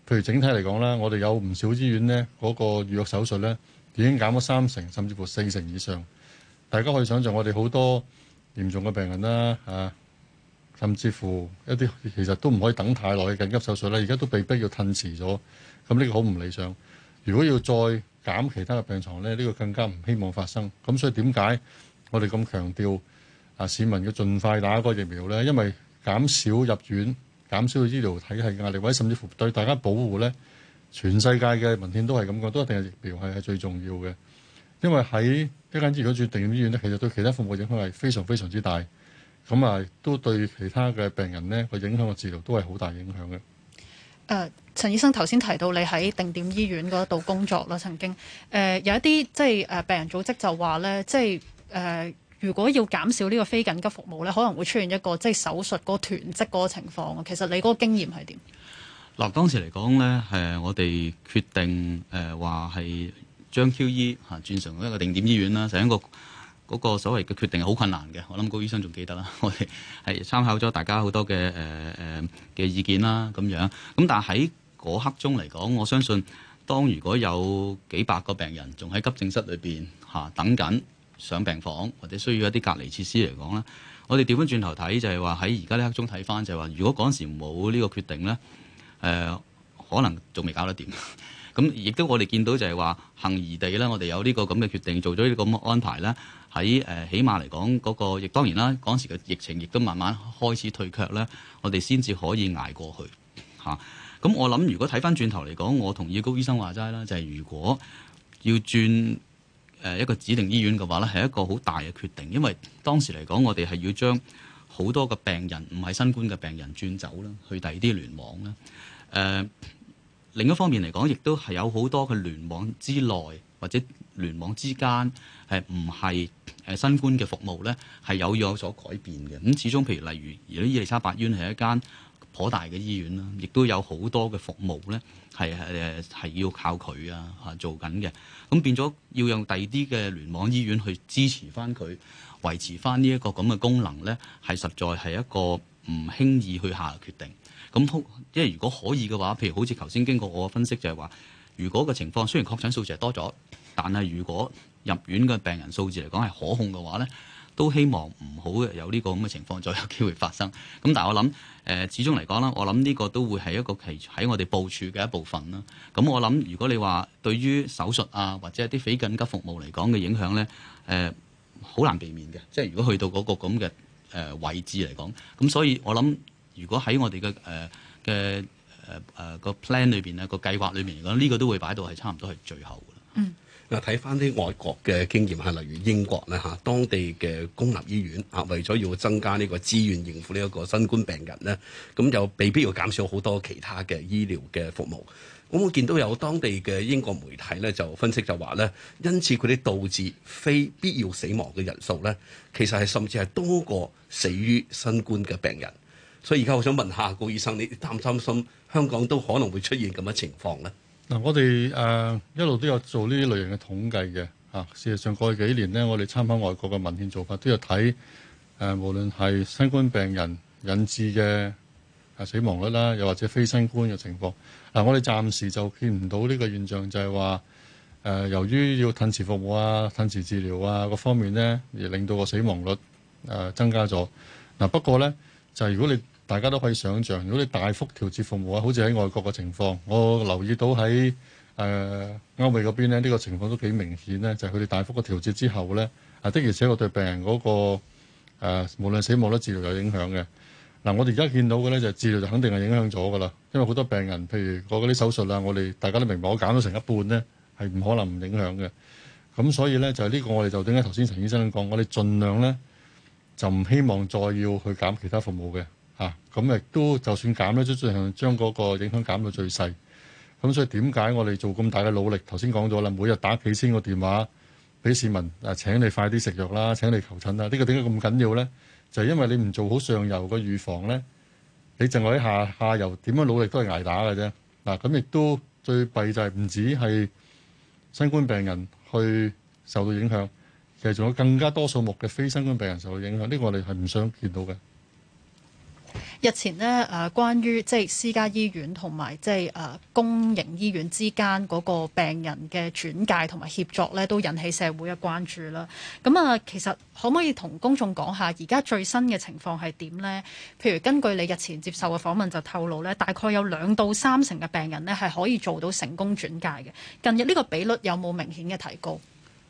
譬如整體嚟講咧，我哋有唔少醫院呢，嗰個預約手術呢，已經減咗三成，甚至乎四成以上。大家可以想像我哋好多嚴重嘅病人啦，嚇，甚至乎一啲其實都唔可以等太耐嘅緊急手術咧，而家都被迫要褪遲咗。咁呢個好唔理想。如果要再減其他嘅病床咧，呢個更加唔希望發生。咁所以點解我哋咁強調啊，市民要盡快打嗰個疫苗呢？因為減少入院、減少醫療體系壓力，或者甚至乎對大家保護呢，全世界嘅文獻都係咁講，都一定係疫苗係係最重要嘅。因為喺一間醫院住定點醫院呢，其實對其他服務影響係非常非常之大。咁啊，都對其他嘅病人呢個影響個治療都係好大影響嘅。誒、呃，陳醫生頭先提到你喺定點醫院嗰度工作啦，曾經、呃、有一啲即係、呃、病人組織就話咧，即係、呃、如果要減少呢個非緊急服務咧，可能會出現一個即係手術嗰個囤積個情況。其實你嗰個經驗係點？嗱、呃，當時嚟講咧，誒我哋決定誒話係將 QE 吓轉成一個定點醫院啦，成一個嗰個所謂嘅決定係好困難嘅，我諗高醫生仲記得啦。我哋係參考咗大家好多嘅誒誒嘅意見啦，咁樣。咁但係喺嗰刻鐘嚟講，我相信當如果有幾百個病人仲喺急症室裏邊嚇等緊上病房或者需要一啲隔離設施嚟講啦，我哋調翻轉頭睇就係話喺而家呢刻鐘睇翻就係話，如果嗰時冇呢個決定咧，誒、呃、可能仲未搞得掂。咁 <laughs> 亦都我哋見到就係話，幸而地咧，我哋有呢個咁嘅決定，做咗呢個安排咧。喺誒，在起碼嚟講嗰個疫，當然啦，嗰時嘅疫情亦都慢慢開始退卻啦，我哋先至可以捱過去吓。咁、啊、我諗，如果睇翻轉頭嚟講，我同意高醫生說話齋啦，就係、是、如果要轉誒一個指定醫院嘅話咧，係一個好大嘅決定，因為當時嚟講，我哋係要將好多嘅病人唔係新冠嘅病人轉走啦，去第二啲聯網啦。誒、呃、另一方面嚟講，亦都係有好多嘅聯網之內或者聯網之間係唔係？新冠嘅服務咧係有有所改變嘅，咁始終譬如例如，而家伊利沙伯醫院係一間頗大嘅醫院啦，亦都有好多嘅服務咧係誒係要靠佢啊，吓做緊嘅，咁變咗要用第二啲嘅聯網醫院去支持翻佢維持翻呢一個咁嘅功能咧，係實在係一個唔輕易去下決定。咁即係如果可以嘅話，譬如好似頭先經過我嘅分析就係話，如果個情況雖然確診數字係多咗，但係如果入院嘅病人數字嚟講係可控嘅話咧，都希望唔好有呢個咁嘅情況再有機會發生。咁但係我諗，誒、呃、始終嚟講啦，我諗呢個都會係一個其喺我哋部署嘅一部分啦。咁、嗯、我諗，如果你話對於手術啊或者一啲非緊急服務嚟講嘅影響咧，誒、呃、好難避免嘅。即係如果去到嗰、那個咁嘅誒位置嚟講，咁所以我諗，如果喺我哋嘅誒嘅誒誒個 plan 裏邊咧，個計劃裏面嚟講，呢、這個都會擺到係差唔多係最後嘅啦。嗯。我睇翻啲外國嘅經驗係，例如英國咧嚇，當地嘅公立醫院啊，為咗要增加呢個資源應付呢一個新冠病人咧，咁就被必要減少好多其他嘅醫療嘅服務。咁我見到有當地嘅英國媒體咧，就分析就話咧，因此佢哋導致非必要死亡嘅人數咧，其實係甚至係多過死於新冠嘅病人。所以而家我想問下高醫生，你擔心唔擔心香港都可能會出現咁嘅情況咧？嗱，我哋誒一路都有做呢類型嘅統計嘅嚇，事實上過去幾年呢，我哋參考外國嘅文獻做法都有睇誒，無論係新冠病人引致嘅死亡率啦，又或者非新冠嘅情況，嗱，我哋暫時就見唔到呢個現象，就係話誒，由於要褪遲服務啊、褪遲治療啊各方面呢，而令到個死亡率誒增加咗。嗱，不過呢，就係如果你大家都可以想象，如果你大幅調節服務啊，好似喺外國嘅情況，我留意到喺誒歐美嗰邊咧，呢、這個情況都幾明顯，呢就係佢哋大幅嘅調節之後呢，啊的而且確對病人嗰、那個誒、啊、無論死亡都治療有影響嘅嗱。我哋而家見到嘅呢，就是、治療就肯定係影響咗噶啦，因為好多病人譬如嗰啲手術啦、啊，我哋大家都明白，我減咗成一半呢係唔可能唔影響嘅。咁所以呢，就係、是、呢個我哋就點解頭先陳醫生講，我哋盡量呢就唔希望再要去減其他服務嘅。咁亦都就算減咧，都盡量將嗰個影響減到最細，咁所以點解我哋做咁大嘅努力？頭先講咗啦，每日打幾千個電話俾市民，啊請你快啲食藥啦，請你求診啦。呢個點解咁緊要咧？就係因為你唔做好上游嘅預防咧，你淨係喺下下游點樣努力都係挨打嘅啫。嗱，咁亦都最弊就係唔止係新冠病人去受到影響，其實仲有更加多數目嘅非新冠病人受到影響。呢個我哋係唔想見到嘅。日前呢，誒，關於即係私家醫院同埋即係誒公營醫院之間嗰個病人嘅轉介同埋協助咧，都引起社會嘅關注啦。咁啊，其實可唔可以同公眾講下而家最新嘅情況係點呢？譬如根據你日前接受嘅訪問就透露咧，大概有兩到三成嘅病人咧係可以做到成功轉介嘅。近日呢個比率有冇明顯嘅提高？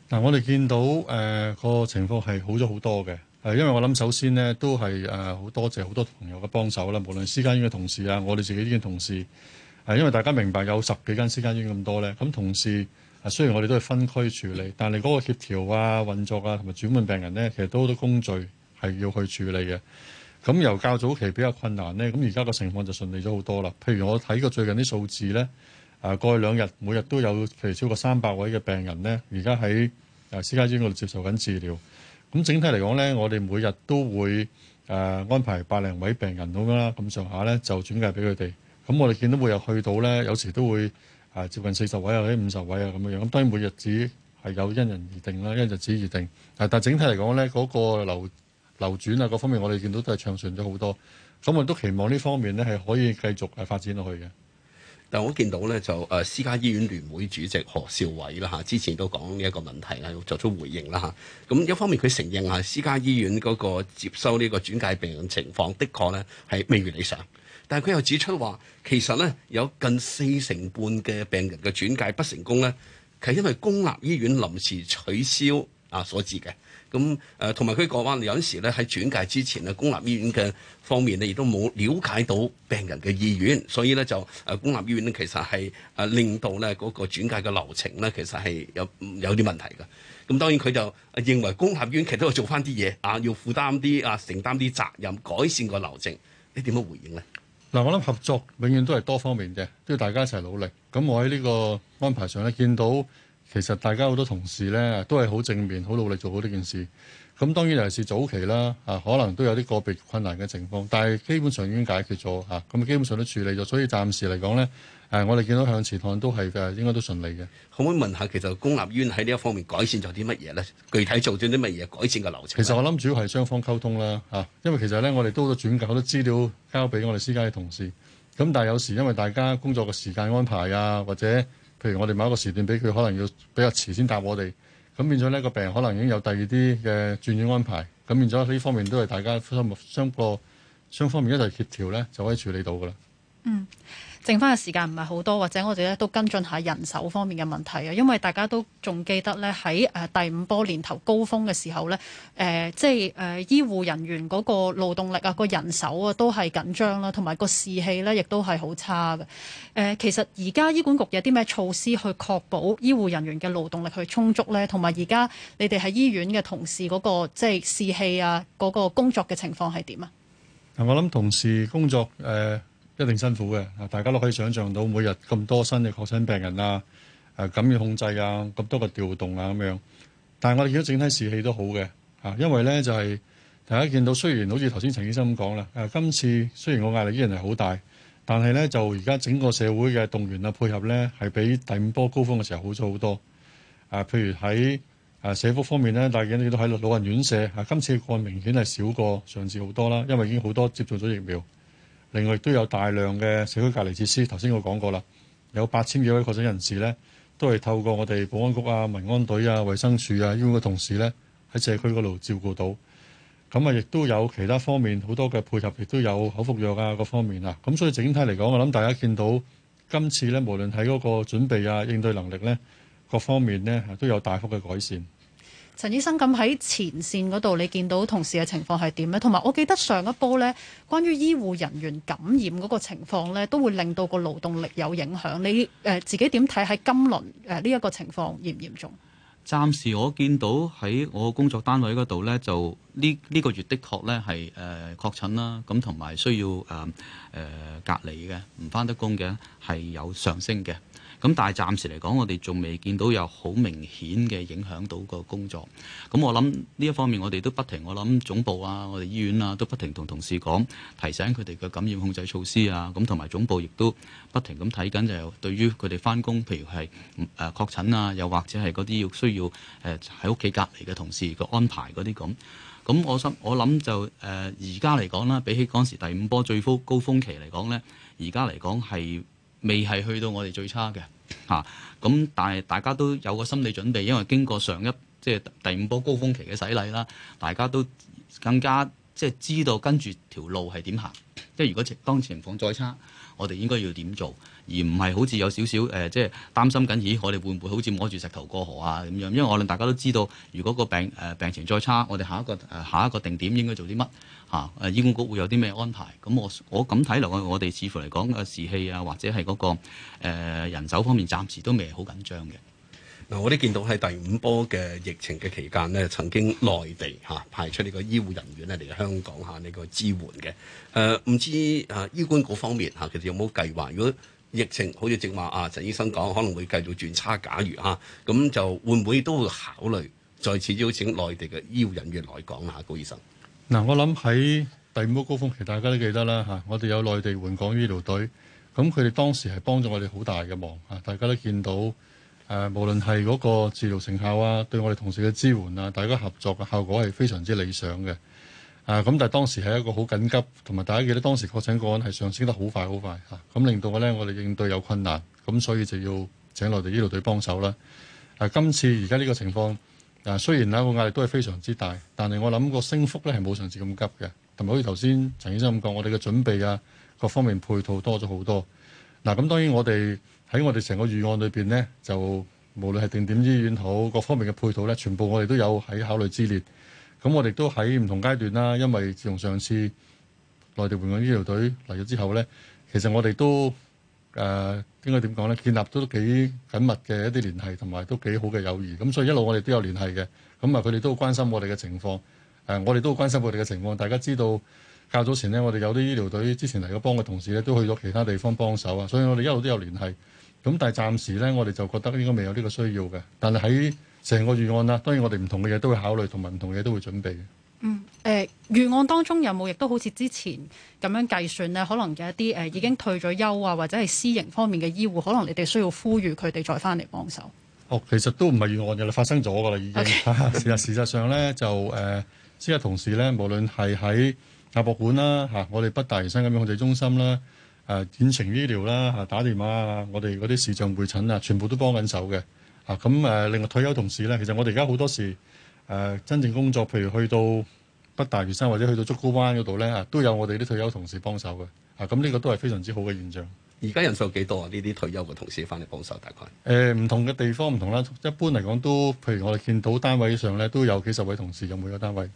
嗱，我哋見到誒個情況係好咗好多嘅。誒，因為我諗首先咧，都係誒好多謝好多朋友嘅幫手啦，無論私家醫院嘅同事啊，我哋自己呢邊同事。誒，因為大家明白有十幾間私家醫院咁多咧，咁同事誒雖然我哋都係分區處理，但係嗰個協調啊、運作啊，同埋轉換病人呢，其實都好多工序係要去處理嘅。咁由較早期比較困難呢，咁而家個情況就順利咗好多啦。譬如我睇過最近啲數字呢，誒過去兩日每日都有，譬如超過三百位嘅病人呢，而家喺誒私家醫院嗰度接受緊治療。咁整體嚟講咧，我哋每日都會誒安排百零位病人咁樣啦，咁上下咧就轉介俾佢哋。咁我哋見到每日去到咧，有時都會誒接近四十位或者五十位啊咁嘅樣。當然每日只係有因人而定啦，因日子而定。但係整體嚟講咧，嗰個流流轉啊，各方面我哋見到都係暢順咗好多。咁我們都期望呢方面咧係可以繼續誒發展落去嘅。但我見到咧就誒私家醫院聯會主席何少偉啦，之前都講呢一個問題啦，要作出回應啦，咁一方面佢承認啊私家醫院嗰個接收呢個轉介病人情況，的確咧係未如理想。但係佢又指出話，其實咧有近四成半嘅病人嘅轉介不成功咧，係因為公立醫院臨時取消啊所致嘅。咁誒，同埋佢講話，有陣時咧喺轉介之前咧，公立醫院嘅方面咧，亦都冇了解到病人嘅意願，所以咧就誒公立醫院咧，其實係誒令到咧嗰個轉介嘅流程咧，其實係有有啲問題㗎。咁當然佢就認為公立醫院其實都要做翻啲嘢啊，要負擔啲啊，承擔啲責任，改善個流程。你點樣回應呢？嗱，我諗合作永遠都係多方面嘅，都要大家一齊努力。咁我喺呢個安排上咧，見到。其實大家好多同事咧都係好正面、好努力做好呢件事。咁當然尤其是早期啦，啊可能都有啲個別困難嘅情況，但係基本上已經解決咗。咁基本上都處理咗，所以暫時嚟講咧，我哋見到向前看都係嘅應該都順利嘅。可唔可以問下，其實公立醫院喺呢一方面改善咗啲乜嘢咧？具體做咗啲乜嘢改善嘅流程？其實我諗主要係雙方溝通啦，因為其實咧，我哋都好多轉介，好多資料交俾我哋私家嘅同事。咁但係有時因為大家工作嘅時間安排啊，或者……譬如我哋某一個時段俾佢，可能要比較遲先答我哋，咁變咗呢個病可能已經有第二啲嘅轉院安排，咁變咗呢方面都係大家相目相，相，相，雙方面一齊協調呢，就可以處理到噶啦。嗯。剩翻嘅時間唔係好多，或者我哋咧都跟進下人手方面嘅問題啊。因為大家都仲記得咧喺誒第五波年頭高峰嘅時候咧，誒、呃、即係誒、呃、醫護人員嗰個勞動力啊，個人手啊都係緊張啦、啊，同埋個士氣咧亦都係好差嘅。誒、呃、其實而家醫管局有啲咩措施去確保醫護人員嘅勞動力去充足咧？同埋而家你哋喺醫院嘅同事嗰、嗰個即係士氣啊，嗰、嗰個工作嘅情況係點啊？嗱，我諗同事工作誒。呃一定辛苦嘅，大家都可以想象到每日咁多新嘅確診病人啊，誒感染控制啊，咁多個調動啊咁樣。但係我哋見到整體士氣都好嘅、啊，因為呢就係、是、大家見到雖然好似頭先陳醫生咁講啦，今次雖然個壓力依然係好大，但係呢就而家整個社會嘅動員啊配合呢，係比第五波高峰嘅時候好咗好多、啊。譬如喺社福方面呢，大家見到都喺老人院舍，啊、今次嘅個案明顯係少過上次好多啦，因為已經好多接種咗疫苗。另外亦都有大量嘅社區隔離設施，頭先我講過啦，有八千幾位確診人士呢，都係透過我哋保安局啊、民安隊啊、衛生署啊醫院嘅同事呢，喺社區嗰度照顧到。咁啊，亦都有其他方面好多嘅配合，亦都有口服藥啊各方面啊。咁所以整體嚟講，我諗大家見到今次呢，無論喺嗰個準備啊、應對能力呢，各方面呢，都有大幅嘅改善。陳醫生咁喺前線嗰度，你見到同事嘅情況係點呢？同埋我記得上一波呢，關於醫護人員感染嗰個情況呢，都會令到個勞動力有影響。你誒、呃、自己點睇喺今輪誒呢一個情況嚴唔嚴重？暫時我見到喺我工作單位嗰度呢，就呢呢、呢個月的確呢係誒確診啦，咁同埋需要誒誒、呃、隔離嘅，唔返得工嘅係有上升嘅。咁但係暫時嚟講，我哋仲未見到有好明顯嘅影響到個工作。咁我諗呢一方面，我哋都不停。我諗總部啊，我哋醫院啊，都不停同同事講，提醒佢哋嘅感染控制措施啊。咁同埋總部亦都不停咁睇緊，就係對於佢哋翻工，譬如係誒確診啊，又或者係嗰啲要需要誒喺屋企隔離嘅同事嘅安排嗰啲咁。咁我心我諗就誒而家嚟講啦，比起嗰時第五波最高峰期嚟講咧，而家嚟講係未係去到我哋最差嘅，咁、啊、但係大家都有個心理準備，因為經過上一即係第五波高峰期嘅洗禮啦，大家都更加即係知道跟住條路係點行。即係如果當情況再差，我哋應該要點做？而唔係好似有少少誒，即、呃、係、就是、擔心緊，咦？我哋會唔會好似摸住石頭過河啊？咁樣，因為我哋大家都知道，如果個病誒、呃、病情再差，我哋下一個誒、呃、下一個定點應該做啲乜嚇？誒、啊啊、醫管局會有啲咩安排？咁我我咁睇落去，我哋似乎嚟講嘅士氣啊，或者係嗰、那個、呃、人手方面，暫時都未好緊張嘅。嗱、呃，我都見到喺第五波嘅疫情嘅期間呢，曾經內地嚇派、啊、出呢個醫護人員咧嚟香港嚇呢、啊這個支援嘅。誒、啊、唔知誒、啊、醫管局方面嚇、啊、其實有冇計劃？如果疫情好似正話啊，陳醫生講可能會繼續轉差，假如嚇，咁就會唔會都會考慮再次邀請內地嘅醫護人員來港啊？高醫生，嗱、啊，我諗喺第五波高峰期，大家都記得啦嚇、啊，我哋有內地援港醫療隊，咁佢哋當時係幫咗我哋好大嘅忙嚇、啊，大家都見到誒、啊，無論係嗰個治療成效啊，對我哋同事嘅支援啊，大家合作嘅效果係非常之理想嘅。啊！咁但係當時係一個好緊急，同埋大家記得當時確診個案係上升得好快好快吓，啊，咁令到我咧，我哋應對有困難，咁所以就要請內地醫療隊幫手啦。啊，今次而家呢個情況，啊雖然咧、啊、個壓力都係非常之大，但係我諗個升幅咧係冇上次咁急嘅，同埋好似頭先陳醫生咁講，我哋嘅準備啊各方面配套多咗好多。嗱、啊，咁當然我哋喺我哋成個預案裏邊呢，就無論係定點醫院好，各方面嘅配套呢，全部我哋都有喺考慮之列。咁我哋都喺唔同階段啦，因為自從上次內地援港醫療隊嚟咗之後呢，其實我哋都誒、呃、應該點講呢？建立都幾緊密嘅一啲聯繫，同埋都幾好嘅友誼。咁所以一路我哋都有聯繫嘅，咁啊佢哋都關心我哋嘅情況，呃、我哋都關心我哋嘅情況。大家知道較早前呢，我哋有啲醫療隊之前嚟咗幫嘅同事咧，都去咗其他地方幫手啊，所以我哋一路都有聯繫。咁但係暫時呢，我哋就覺得應該未有呢個需要嘅，但係喺成個預案啦，當然我哋唔同嘅嘢都會考慮，同埋唔同嘅嘢都會準備。嗯，誒、呃、預案當中有冇亦都好似之前咁樣計算呢？可能嘅一啲誒、呃、已經退咗休啊，或者係私營方面嘅醫護，可能你哋需要呼籲佢哋再翻嚟幫手。哦，其實都唔係預案嘅啦，發生咗噶啦，已經。事實 Okay. <laughs> 事實上咧，就誒、呃、私家同事咧，無論係喺亞博館啦，嚇、啊、我哋北大嶼山感染控制中心啦，誒、啊、遠程醫療啦，嚇、啊、打電話啊，我哋嗰啲視像會診啊，全部都幫緊手嘅。啊咁誒，另外退休同事呢，其實我哋而家好多時誒、啊、真正工作，譬如去到北大嶼山或者去到竹篙灣嗰度呢，啊都有我哋啲退休同事幫手嘅。啊咁，呢個都係非常之好嘅現象。而家人數幾多啊？呢啲退休嘅同事翻嚟幫手，大概？誒唔、啊、同嘅地方唔同啦，一般嚟講都，譬如我哋見到單位上呢，都有幾十位同事，有每個單位。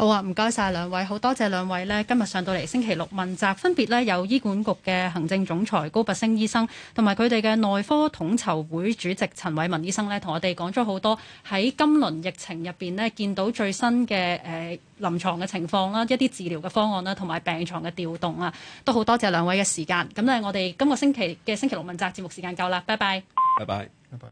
好啊，唔該晒兩位，好多謝兩位呢。今日上到嚟星期六問責，分別呢有醫管局嘅行政總裁高拔陞醫生，同埋佢哋嘅內科統籌會主席陳偉文醫生呢，同我哋講咗好多喺今輪疫情入邊呢，見到最新嘅誒臨床嘅情況啦，一啲治療嘅方案啦，同埋病床嘅調動啊，都好多謝兩位嘅時間。咁呢我哋今個星期嘅星期六問責節目時間夠啦，拜拜，拜拜，拜拜。